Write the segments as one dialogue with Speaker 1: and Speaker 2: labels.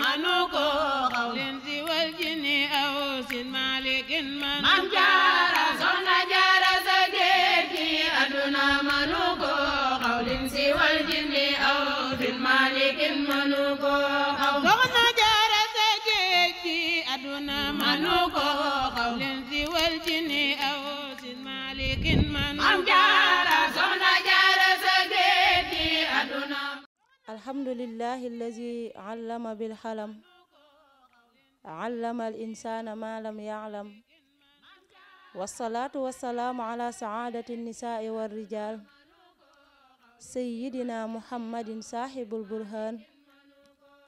Speaker 1: manu ko xaw leen si wal jinni aw sin malik man jaara soxna jaara sa géej gi aduna manu ko xaw leen si wal jinni aw sin malik manu ko xaw soxna jaara sa géej gi aduna manu ko xaw leen si wal jinni aw sin malik manu ko الحمد لله الذي علم بالحلم علم الإنسان ما لم يعلم والصلاة والسلام على سعادة النساء والرجال سيدنا محمد صاحب البرهان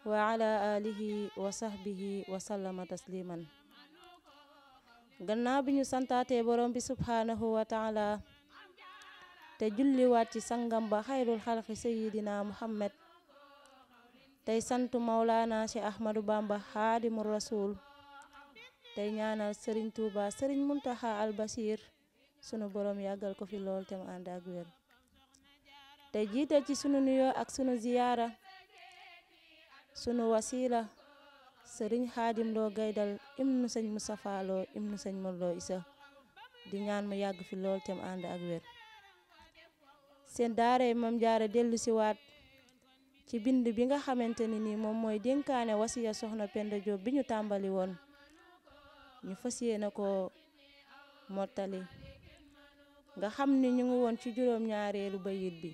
Speaker 1: وعلى آله وصحبه وسلم تسليما gannaaw bi ñu santaatee borom bi subhaanahu wa taala te julliwaat ci sangam tey santu Maulana si Ahmadou Bamba xaadimu rasul tey ñaanal sëriñ Touba Serigne Mountakha Al Bashir sunu borom yàggal ko fi lool tem mu ànd tey jiital ci sunu nuyoo ak sunu ziyaara sunu wasila sëriñ Xaadim Lo Gaydal ibnu sëñ Moustapha Lo ibnu sëñ Modou Lo Issa di ñaan mu yàgg fi lool te mu ànd ak wér seen dellu si waat ci bind bi nga xamanteni ni mom moy denkané wasiya soxna pendo job biñu tàmbali won ñu fassiyé nako mortali nga xamni ñu ngi won ci juroom ñaarelu bayit bi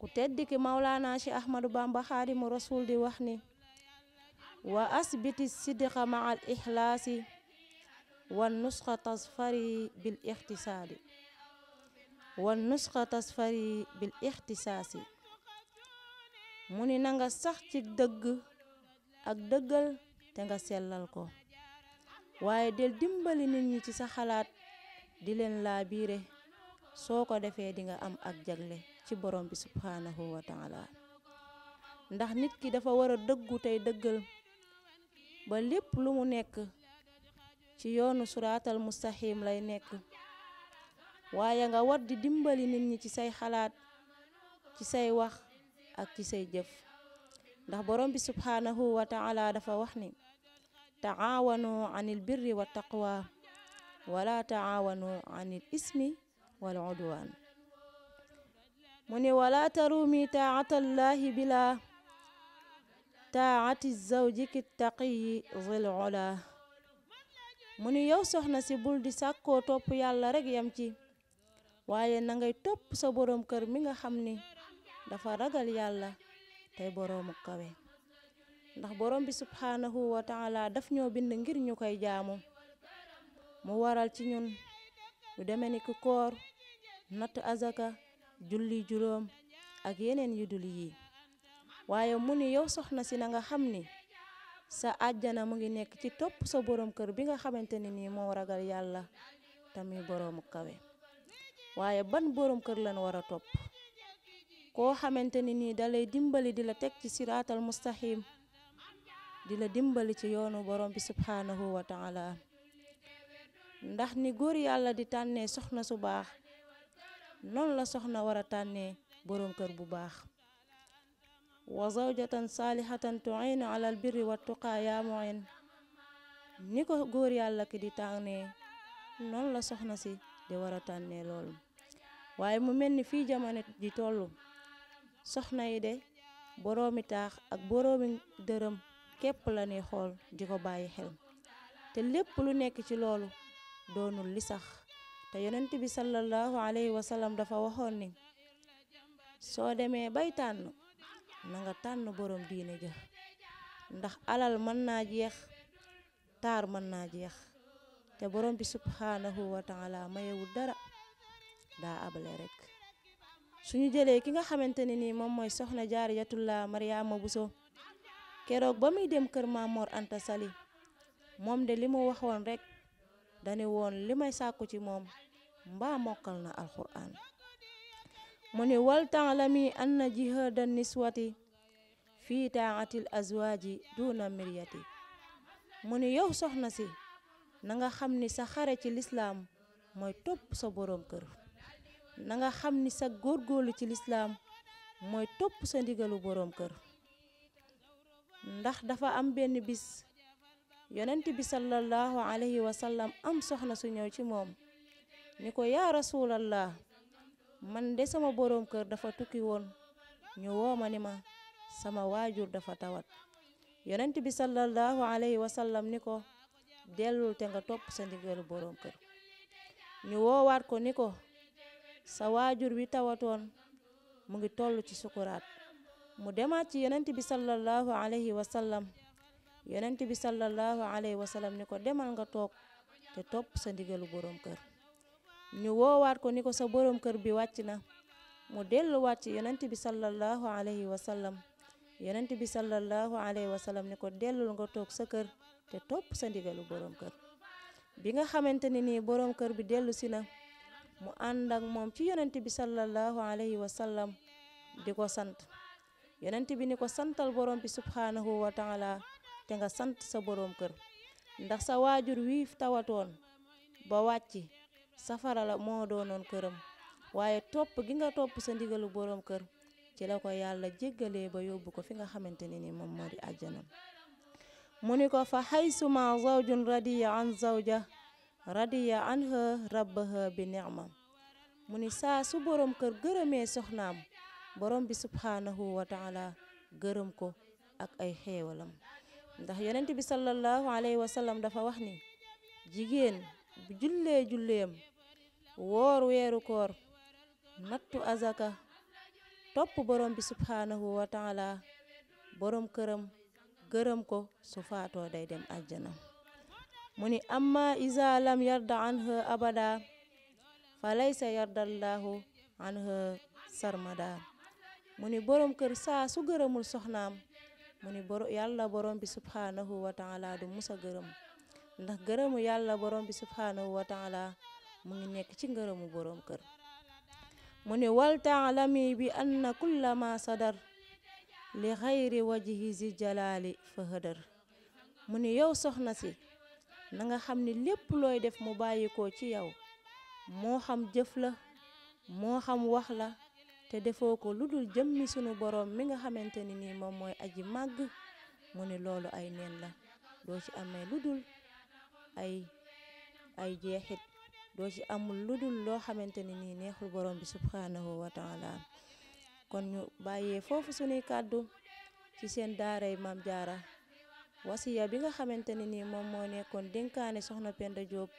Speaker 1: ku teddi ki maulana shi Ahmadu Bamba Xaadimu Rasul di wax ni wa asbiti sidqa ma al ixlaasi wan nuskha tasfari bil ixtisaadi wan nuskha tasfari bil ixtisaasi mu ni nanga sax ci dëgg ak dëggal te nga sellal ko waaye del dimbali nit ñi ci sa xalaat di leen laa biire soo ko defee dinga am ak jagle ci borom bi subhaanahu wa ndax nit ki dafa war a dëggu tey dëggal ba lépp lu mu nekk ci yoonu suraatal mustaxim lay nekk waaye nga war di dimbali nit ñi ci say xalaat ci say wax ak ci say jëf ndax borom bi subhaanahu wa taala dafa wax ni taawanu anil birri wa taqwa wala taawanu anil ismi wal udwan mu ne wala tarumi taatallahi bila taati zawjiki taqiyi zil ula mu ni yow soxna si bul di sàkkoo topp yàlla rekk yam ci waaye na topp sa borom kër mi nga ni dafa ragal yàlla tey boroomu kawe ndax boroom bi subhaanahu wa taala daf ñoo bind ngir ñu koy jaamu mu waral ci ñun lu deme ni ku koor natt azaka julli juróom ak yeneen yu dul yi waaye mu ni yow soxna si na nga xam ni sa àjjana mu ngi nekk ci topp sa boroom kër bi nga xamante ni nii moo ragal yàlla tamit boroomu kawe waaye ban borom kër lan war a topp koo xamante ni nii dalay dimbali di la teg ci siraatal mustaqim di la dimbali ci yoonu borom bi subhaanahu wa taala ndax ni góor yàlla di tànnee soxna su baax noonu la soxna war a tànnee borom kër bu baax wa zawjatan saalihatan tuinu alal birri wa tuqaa yaa muin ni ko góor yàlla ki di tànnee noonu la soxna si di war a tànnee loolu waaye mu mel ni fii ji tollu soxna yi de boroomi taax ak boroomi dërëm képp la ñuy xool di ko bàyyi xel te lépp lu nekk ci loolu doonul li sax te yonent bi sallallahu alayhi wa dafa waxoon ni soo demee bay tànn na nga tànn boroom diine ja ndax alal mën naa jeex taar mën naa jeex te borom bi subhaanahu wa taala mayewul dara daa abale rekk suñu jëlee ki nga xamante ne nii moom mooy soxna jaariyatullah Mariama Bousso keroog ba muy dem kër Mamor Anta Sali moom de li mu waxoon rekk dani woon li may sàkku ci moom mbaa mokkal na alxuraan mu ni wal taalami anna jihaada niswati fii taatil azwaaji duuna miryati mu ni yow soxna si na nga xam ni sa xare ci lislaam mooy topp sa boroom kër na nga xam ni sa góorgóorlu ci lislaam mooy topp sa ndigalu boroom kër ndax dafa am benn bis yonent bi sallallahu alayhi wa am soxna su ñëw ci moom ni ko yaa rasulallah man de sama boroom kër dafa tukki woon ñu wooma ni ma sama waajur dafa tawat yonent bi sallallahu alayhi wa sallam ni ko dellul te nga topp sa ndigalu boroom kër ñu woowaat ko ni ko sa waajur wi tawatoon mu ngi toll ci sukuraat mu demaat ci yonent bi sallallahu alayhi wa sallam yonent bi sallallahu alayhi wa sallam ni ko demal nga toog te topp sa ndigalu boroom kër ñu woowaat ko ni ko sa boroom kër bi wàcc na mu delluwaat ci yonent bi sallallahu alayhi wa sallam yonent bi sallallahu alayhi wa sallam ni ko dellul nga toog sa kër te topp sa ndigalu boroom kër bi nga xamante ni nii boroom kër bi dellu si na mu ànd moom ci yonent bi sallallahu alayhi wa sallam di ko sant yonent bi ni ko santal borom bi subhaanahu wa taala te nga sant sa borom kër ndax sa waajur wii tawatoon ba wàcc safara moo doonoon këram waaye topp gi nga topp sa ndigalu borom kër ci la ko yàlla jéggalee ba yóbbu ko fi nga xamante ne ni moom moo di àjjana mu ni ko fa xaysuma zawjun radiya an zawja radiya anha rabbaha bi nicma mu ni saa su borom kër gërëmee soxnaam borom bi subhaanahu wa taala gërëm ko ak ay xéewalam ndax yonent bi sallallahu alayhi wasallam dafa wax ni jigéen bu jullee julleem woor weeru kor nattu azaka topp borom bi subhaanahu wa taala borom këram gërëm ko su faatoo day dem àjjana من أما iza lam yarda عنه أبدا فليس يرضى الله عنه سرمدا mu ni borom kër saa su gërëmul soxnaam mu ni yàlla borom bi subhaanahu wa taala du musa gërëm ndax gërëmu yàlla borom bi subhaanahu wa taala mu ngi nekk ci ngërëmu borom kër mu wal taalami bi anna kulla ma sadar li xayri wajhi zi jalaali fa hëdër yow soxna si na nga xam ni lépp looy def mu bàyyikoo ci yow moo xam jëf la moo xam wax la te defoo ko lu dul jëmmi sunu boroom mi nga xamante ni nii moom mooy aji màgg mu ni loolu ay nen la doo ci amee lu dul ay ay jeexit doo ci amul lu dul loo xamante ni nii neexul borom bi subhanahu wa taala kon ñu bàyyee foofu sunuy kàddu ci seen daaray mam Jaara wasiya bi nga xamante ne nii moom moo nekkoon dénkaane soxna Penda Diop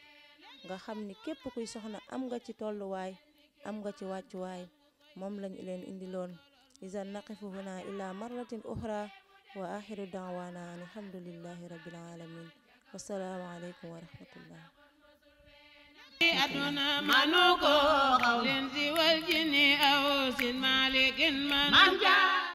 Speaker 1: nga xam ni képp kuy soxna am nga ci tolluwaay am nga ci wàccuwaay moom lañ leen indiloon izan naqifu huna ila marratin uxra wa axiru daawaana an alhamdulillahi rabbil alamin wasalaamu aleykum wa rahmatullah aduna manu ko xaw leen si wal jinni aw sin malikin man